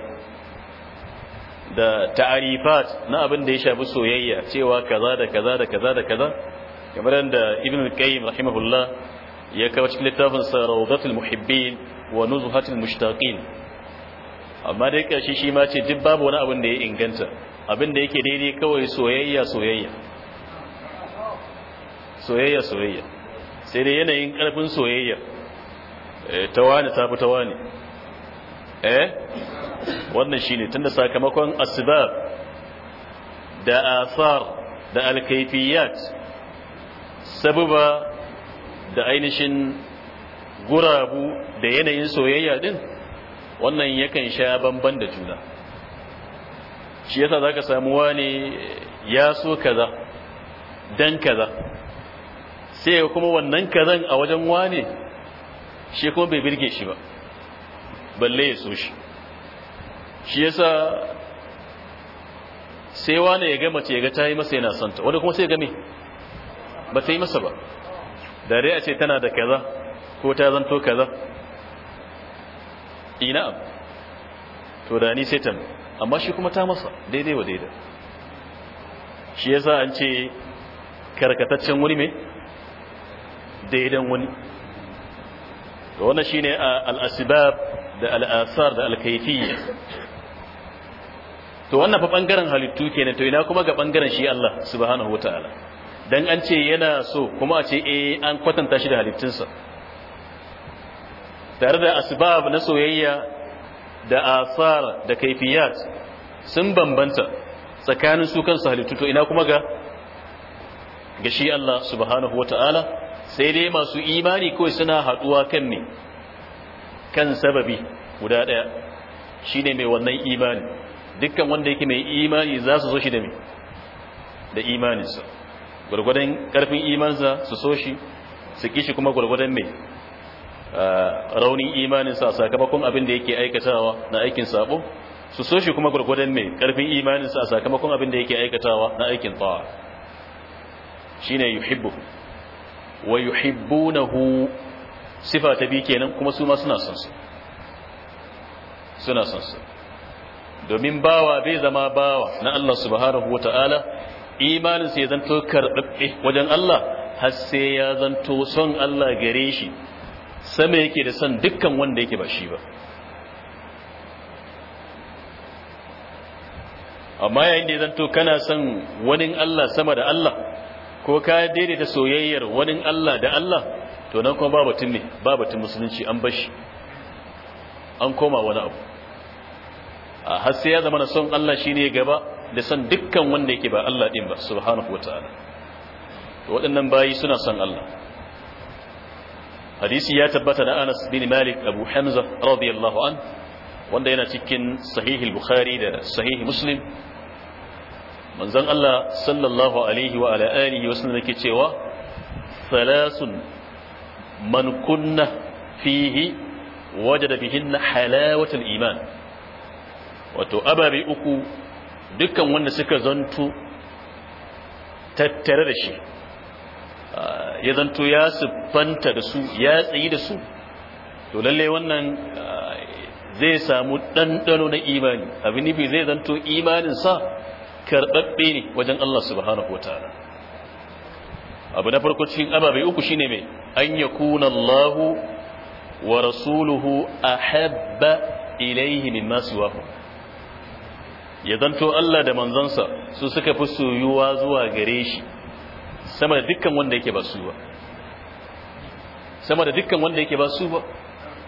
da ta'arifat na abin da ya shafi soyayya cewa kaza da kaza da kaza da kaza kamar yadda ibn al-qayyim rahimahullah ya kawo cikin littafin sa rawdatul muhibbin wa nuzhatul mushtaqin amma dai kashi shi ma ce duk babu wani abin da ya inganta abin da yake daidai kawai soyayya soyayya soyayya soyayya sai dai yanayin karfin soyayya eh, ta wani ta fi ta wani eh wannan shine tunda sakamakon asibar da asar da alkayfiyat sababa da ainihin gurabu da yanayin soyayya din wannan yakan sha banban da juna shi yasa zaka samuwa ne ya so kaza dan kaza sai kuma wannan kazan a wajen wane shi kuma bai birge shi ba balle ya so shi shi yasa sai wane ya gama ce ga ta yi masa yana santa wadda kuma sai ya game ba ta yi masa ba da rai a ce tana da kaza ko ta zanto kaza ina to da ni sai ta amma shi kuma ta masa daidai wa daidai shi yasa an ce karkataccen wuri mai daidan wani to wannan shine al-asbab da al-asar da al-kayfiyya to wannan fa bangaren halittu kenan to ina kuma ga bangaren shi Allah subhanahu wataala dan an ce yana so kuma a ce eh an kwatanta shi da halittunsa tare da asbab na soyayya da asar da kayfiyat sun bambanta tsakanin su kansu halittu to ina kuma ga ga shi Allah subhanahu wataala sai dai masu imani kawai suna haduwa kan ne kan sababi guda daya shine mai wannan imani dukkan wanda yake mai imani za su so shi da me da imaninsa gurgurdan karfin imansa su so shi su kishi kuma gurgurdan me raunin imaninsa a sakamakon abin da yake aikatawa na aikin sabo su so shi kuma gurgurdan me karfin imaninsa a sakamakon abin da yake aikatawa na aikin ta'a shine yuhibbu wa hu sifa ta bi kenan kuma su ma suna son su suna son su domin bawa bai zama bawa na Allah subhanahu Ta'ala, imanin sai zanto karbabbe wajen Allah har sai ya zanto son Allah gare shi sama yake da son dukkan wanda yake ba shi ba amma yayin da zanto kana son wani Allah sama da Allah ko ka daidaita soyayyar wani Allah da Allah to nan kuma babatun ne babatun musulunci an bashi an koma wani abu a har sai ya zama na son Allah shine gaba da son dukkan wanda yake ba Allah ɗin ba subhanahu wataala to waɗannan bayi suna son Allah hadisi ya tabbata na Anas bin Malik Abu Hamza radiyallahu an wanda yana cikin sahihul Bukhari da sahih Muslim manzon Allah sallallahu alaihi wa ala alihi wasallam cewa salasun man kunna fihi fihin na halawatul iman wato ababe uku dukkan wanda suka zantu tattare da shi ah, ya zanto ya siffanta da su ya tsayi da su to lalle wannan ah, zai samu ɗanɗano na imani abin nufi zai zanto imaninsa karɓaɓɓe ne wajen Allah subhanahu wataala abu na farko cikin ababe uku shine mai an yakuna Allah wa rasuluhu a ahabba ilayhi mimma siwahu ya zanto Allah da manzansa su suka fi soyuwa zuwa gare shi sama da dukkan wanda yake ba su ba sama da dukkan wanda yake ba su ba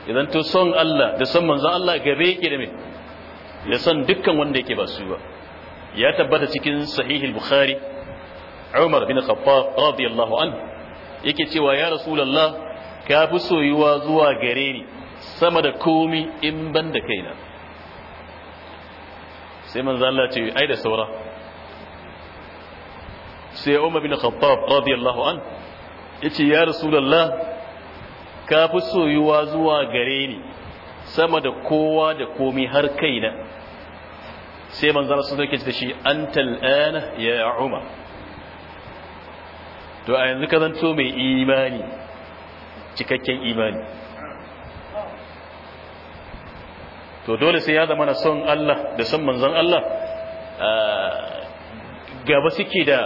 ya zanto son Allah da son manzan Allah gabe yake da me da son dukkan wanda yake ba su ba ya tabbata cikin sahihul bukhari umar bin khattab radiyallahu anhu yake cewa ya rasulullah ka fi soyuwa zuwa gare ni sama da komi in ban da kaina sai manzo Allah ce ai da saura sai umar bin khattab radiyallahu an yace ya rasulullah ka fi soyuwa zuwa gare ni sama da kowa da komi har kaina sai manzara sun sauke da shi an tal'ana ya umar to a yanzu ka zanto mai imani cikakken imani to dole sai ya zama na son Allah da son manzan Allah gaba suke da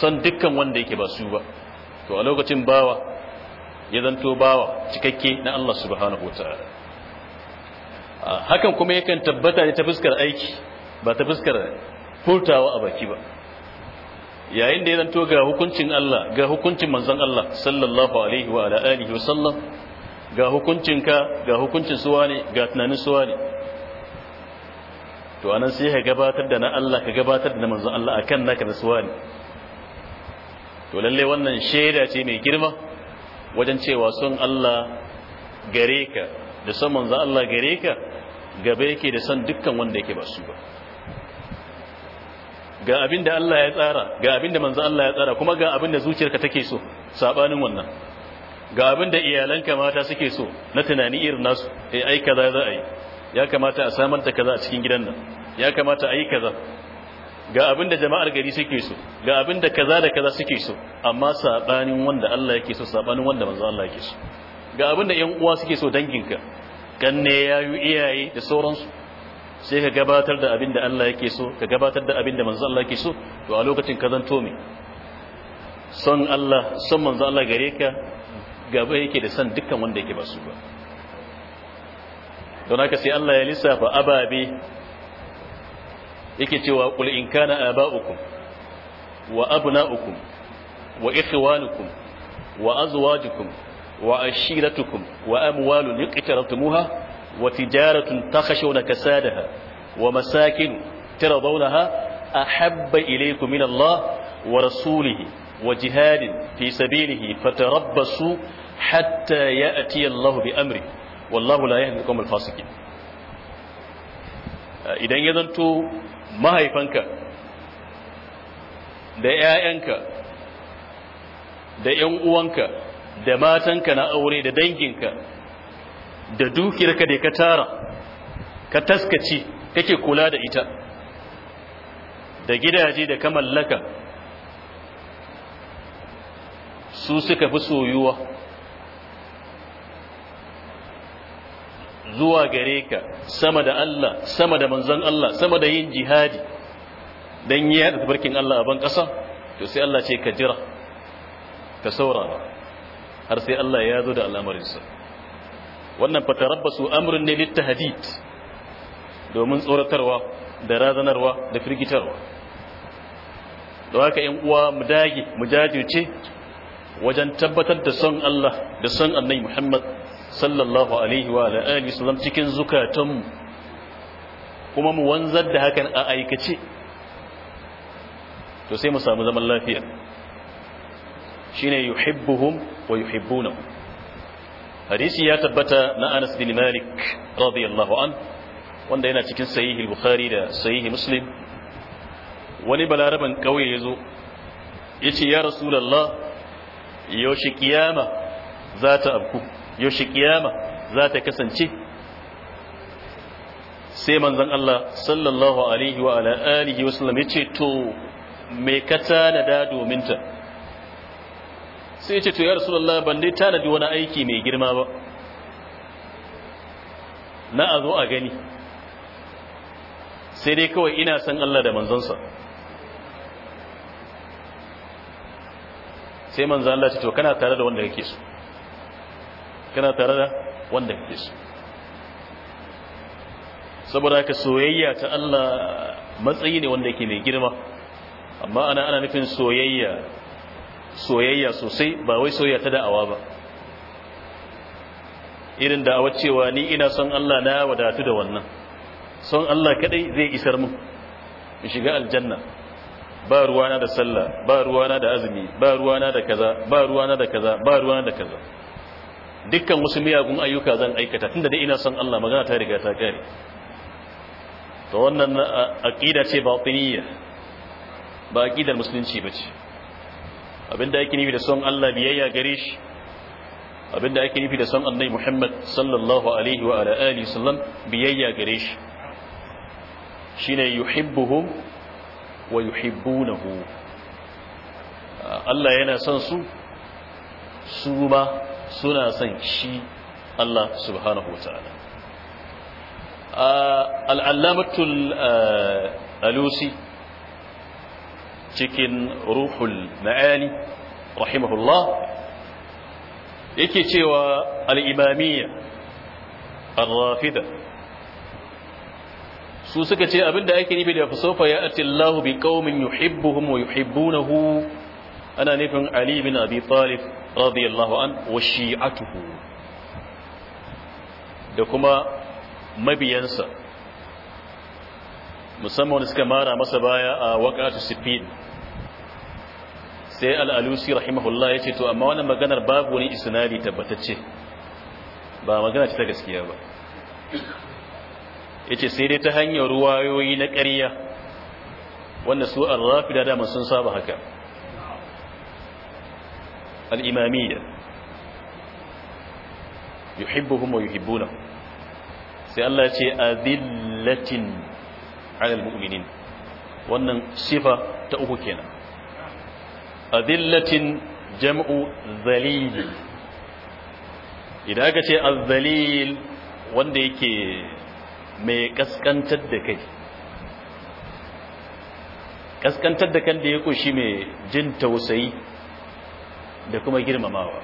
son dukkan wanda yake ba su ba to a lokacin bawa ya zanto bawa cikakke na Allah subhanahu wa ta'ala hakan kuma yakan tabbata da ta fuskar aiki ba ta fuskar furtawa a baki ba yayin da ya zanto ga hukuncin Allah ga hukuncin manzon Allah sallallahu alaihi wa ala alihi wasallam ga hukuncin ka, ga hukuncin suwa ne ga tunanin suwa ne to anan sai ka gabatar da na Allah ka gabatar da na manzon Allah akan naka da suwa ne to lalle wannan shaida ce mai girma wajen cewa son Allah gare ka da son manzon Allah gare ka gaba yake da son dukkan wanda yake ba su ba ga abin da Allah ya tsara ga abin da manzo Allah ya tsara kuma ga abin da zuciyarka take so sabanin wannan ga abin da iyalanka mata suke so na tunani irin nasu eh ai kaza za a yi ya kamata a samar da kaza a cikin gidan nan ya kamata a yi kaza ga abin da jama'ar gari suke so ga abin da kaza da kaza suke so amma sabanin wanda Allah yake so sabanin wanda manzo Allah yake so ga abin da ƴan uwa suke so danginka ganne yayu iyaye da sauransu sai ka gabatar da abin da Allah yake so ka gabatar da abin da manzo Allah yake so to a lokacin ka zanto me son Allah son manzo Allah gare ka gaba yake da son dukkan wanda yake ba su ba don haka sai Allah ya lissafa ababe yake cewa qul in kana aba'ukum wa abna'ukum wa ikhwanukum wa azwajukum wa ashiratukum wa amwalun iqtaratumuha وتجارة تخشون كسادها ومساكن ترضونها أحب إليكم من الله ورسوله وجهاد في سبيله فتربصوا حتى يأتي الله بأمره والله لا يهدي القوم الفاسقين idan ya zanto mahaifanka da 'ya'yanka da 'yan uwanka da matanka na aure da danginka da dukiyarka da ka tara ka taskaci kake kula da ita da gidaje da ka mallaka su suka fi soyuwa zuwa gare ka sama da Allah sama da manzon Allah sama da yin jihadi dan yi da barkin Allah a ban ƙasa to sai Allah ce ka jira ka saurara har sai Allah ya zo da al'amarinsa wannan fatarabbasu amrun ne littahdid domin tsoratarwa da razanarwa da firgitarwa da haka yan uwa mu dage mu jajirce wajen tabbatar da son Allah da son Annabi Muhammad sallallahu alaihi wa alihi sallam cikin zukatanmu kuma mu wanzar da hakan a aikace to sai mu samu zaman lafiya shine yuhibbuhum wa yuhibbunahum hadisi ya tabbata na Anas bin Malik radiyallahu an wanda yana cikin sahihi Bukhari da sahihi Muslim wani balaraban kauye yazo yace ya rasulullah yaushe kiyama za ta abku yaushe kiyama za ta kasance sai manzon Allah sallallahu alaihi wa ala alihi wasallam yace to me ka tanada domin ta sai ce to ya rasulullah ban dai tanadi wani aiki mai girma ba na a zo a gani sai dai kawai ina san Allah da manzansa sai manzon Allah ce to kana tare da wanda kake so kana tare da wanda kake so saboda haka soyayya ta Allah matsayi ne wanda yake mai girma amma ana ana nufin soyayya soyayya sosai ba wai soyayya ta da'awa ba irin da'awa cewa ni ina son Allah na wadatu da wannan son Allah kadai zai isar mu in shiga aljanna ba ruwana da sallah ba ruwana da azumi ba ruwana da kaza ba ruwana da kaza ba ruwana da kaza dukkan wasu miyagun ayyuka zan aikata tunda dai ina son Allah magana ta riga ta kare to wannan aqida ce batiniya ba aqidar musulunci bace abinda ake nufi da son Allah biyayya gare shi abinda ake nufi da son annabi Muhammad sallallahu alaihi wa ala alihi sallam biyayya gare shi shine yuhibbuhum wa yuhibbunahu Allah yana son su su ma suna son shi Allah subhanahu wa al al'allamatul eh, alusi cikin ruhul ma'ani rahimahullah yake cewa al'imamiyya al-rafida su suka ce abinda ake nufi da fasofa ya atillahu bi qaumin yuhibbuhum wa yuhibbunahu ana nufin ali bin abi talib radiyallahu an wa shi'atuhu da kuma mabiyansa musamman suka mara masa baya a waƙatu sifin sai al'alusi rahimahullah ya ce to amma wani maganar babu wani isnadi tabbatacce ba magana ce ta gaskiya ba ya ce sai dai ta hanyar ruwayoyi na ƙarya wanda su an da dama sun saba haka al'imamiyya yuhibbuhum wa yuhibbuna sai Allah ce azillatin alal wannan sifa ta uku kenan azillatin jam'u zalili idan aka ce azzalil wanda yake mai kaskantar da kai kaskantar da kan da ya kunshi mai jin tausayi da kuma girmamawa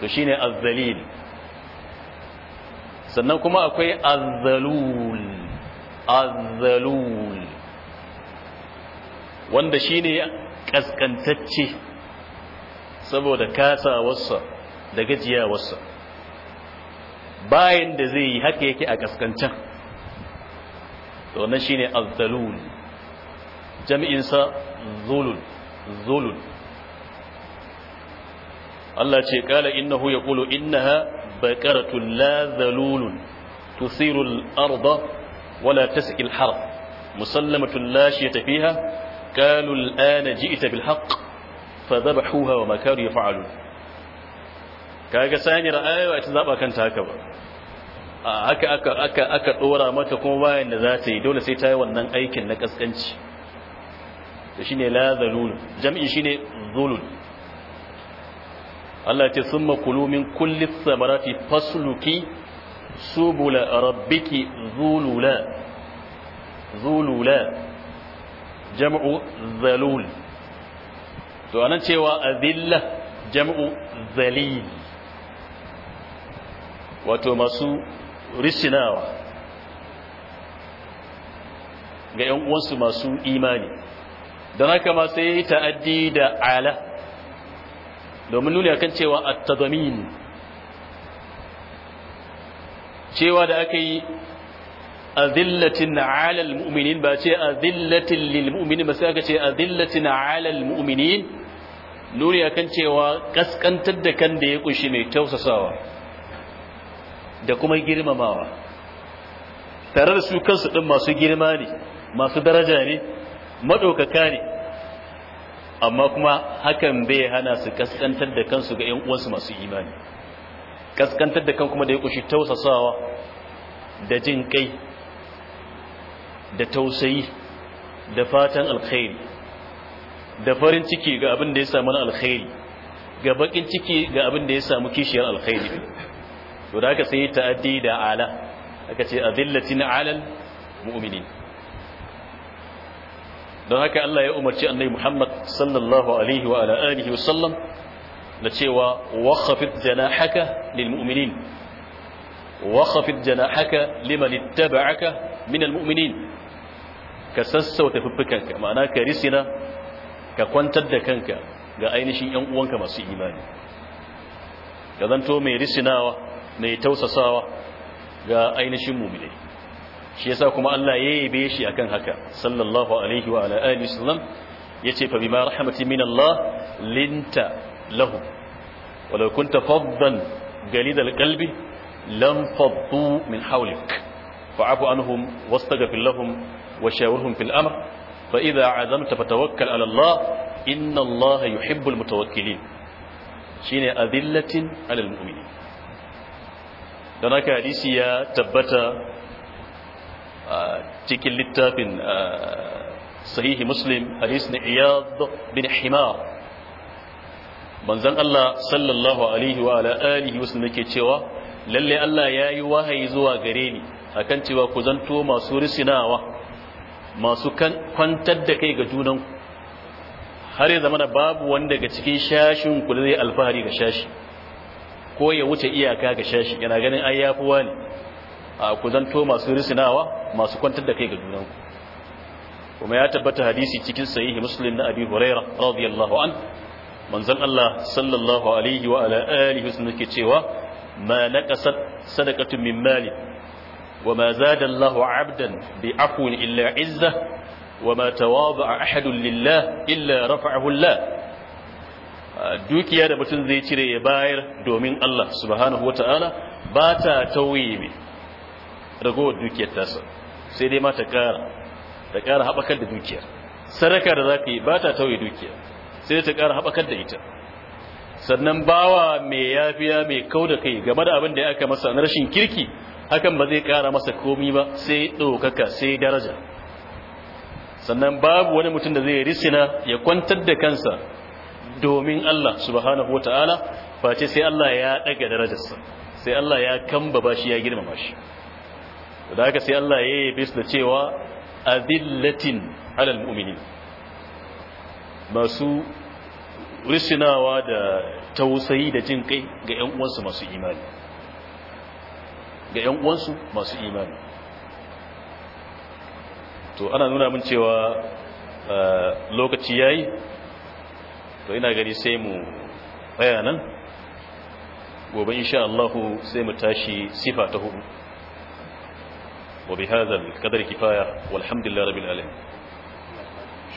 to shine azzalil sannan kuma akwai azzalul azzalul wanda shine ƙasƙantacce saboda kasawarsa da gajiyawarsa bayan da zai yi haka yake a kaskancan to nan ne azzalul jami'in sa zulul zulul Allah ce kala innahu yaqulu innaha baqaratun la zalulun arda wala tasqi al-harb musallamatun la shiyata قالوا الآن جئت بالحق فذبحوها وما كانوا يفعلون كاجا ساني رأي واتذبح كان تاكبا أك أك أك أك أورا ما تكون وين ذاتي دون سيتا ونن أيك نكس أنت شيني لا ذلول جمع شيني ذلول الله تسمى كلوا من كل الثمرات فسلك سبل ربك ذلولا ذلولا jam'u zalul to anan cewa azilla jam'u zalil wato masu risinawa ga ‘yan uwansu masu imani don haka ma sai yi ta'addi da ala domin nuna kan cewa at cewa da aka yi azillatin ala mu'minin ba ce azillatin mu'minin ba sai aka ce azillatin alal mu'minin nuri akan cewa kaskantar da kan da ya kushi mai tausasawa da kuma girmamawa tare da su kansu din masu girma ne masu daraja ne madaukaka ne amma kuma hakan bai hana su kaskantar da kansu ga ƴan uwansu masu imani kaskantar da kan kuma da ya kushi tausasawa da jin kai da tausayi da fatan alkhairi da farin ciki ga abin da ya samu na alkhairi ga bakin ciki ga abin da ya samu kishiyar alkhairi to da aka sai ta'addi da ala aka ce azillatin alal mu'minin don haka Allah ya umarci annabi Muhammad sallallahu alaihi wa ala alihi wa sallam da cewa wakhafid janahaka lil mu'minin wakhafid janahaka liman ittaba'aka min al mu'minin ka sassauta fuffukanka ma'ana ka risina ka kwantar da kanka ga ainihin yan uwanka masu imani ka zanto mai risinawa mai tausasawa ga ainihin mumine shi yasa kuma Allah ya yabe shi akan haka sallallahu alaihi wa ala alihi sallam yace fa bima rahmati min Allah linta lahu law kunta faddan galid alqalbi lam faddu min hawlik fa'fu anhum wastaghfir lahum وشاورهم في الأمر فإذا عزمت فتوكل على الله إن الله يحب المتوكلين شين أذلة على المؤمنين هناك حديث يا تبت تكل للتاب صحيح مسلم حديث عياض بن حمار manzon Allah sallallahu alaihi wa ala alihi wasu nake cewa lalle Allah ya yi wahayi zuwa gare ni akan cewa ku zanto masu risinawa masu kwantar da kai ga junanku har ya zama da babu wani daga cikin shashin ku zai alfahari ga shashi ko ya wuce iyaka ga shashi yana ganin ai yafi wani a ku zanto masu risinawa masu kwantar da kai ga junanku kuma ya tabbata hadisi cikin sahihi muslim na abi huraira radiyallahu an manzon Allah sallallahu alaihi wa ala alihi wasallam ke cewa ma naqasat sadaqatu min mali وما زاد الله عبدا بعفو إلا عزة وما تواضع أحد لله إلا رفعه الله dukiya da mutum zai cire ya bayar domin Allah subhanahu wata'ala ba ta tauye mai ragowar dukiyar tasa sai dai ma ta ƙara ta ƙara haɓakar da dukiyar sadaka da za ka yi ba ta tauye dukiyar sai ta ƙara haɓakar da ita sannan bawa mai yafiya mai kau da kai game da abin da ya aka masa na rashin kirki hakan ba zai kara masa komi ba sai ɗaukaka sai daraja sannan babu wani mutum da zai risina ya kwantar da kansa domin Allah subhanahu wa ta'ala face sai Allah ya ɗaga darajarsa sai Allah ya kambaba shi ya girmama shi da haka sai Allah ya yi bis da cewa azillatin alal mu'minin masu risinawa da tausayi da jin kai ga 'yan uwansu masu imani ga ‘yan uwansu masu imani to ana nuna min cewa eh, lokaci ya yi to ina gani sai mu bayanan nan gobe insha Allahu sai mu tashi sifa ta hudu wa bi hadha al-qadar kifaya walhamdulillahi rabbil alamin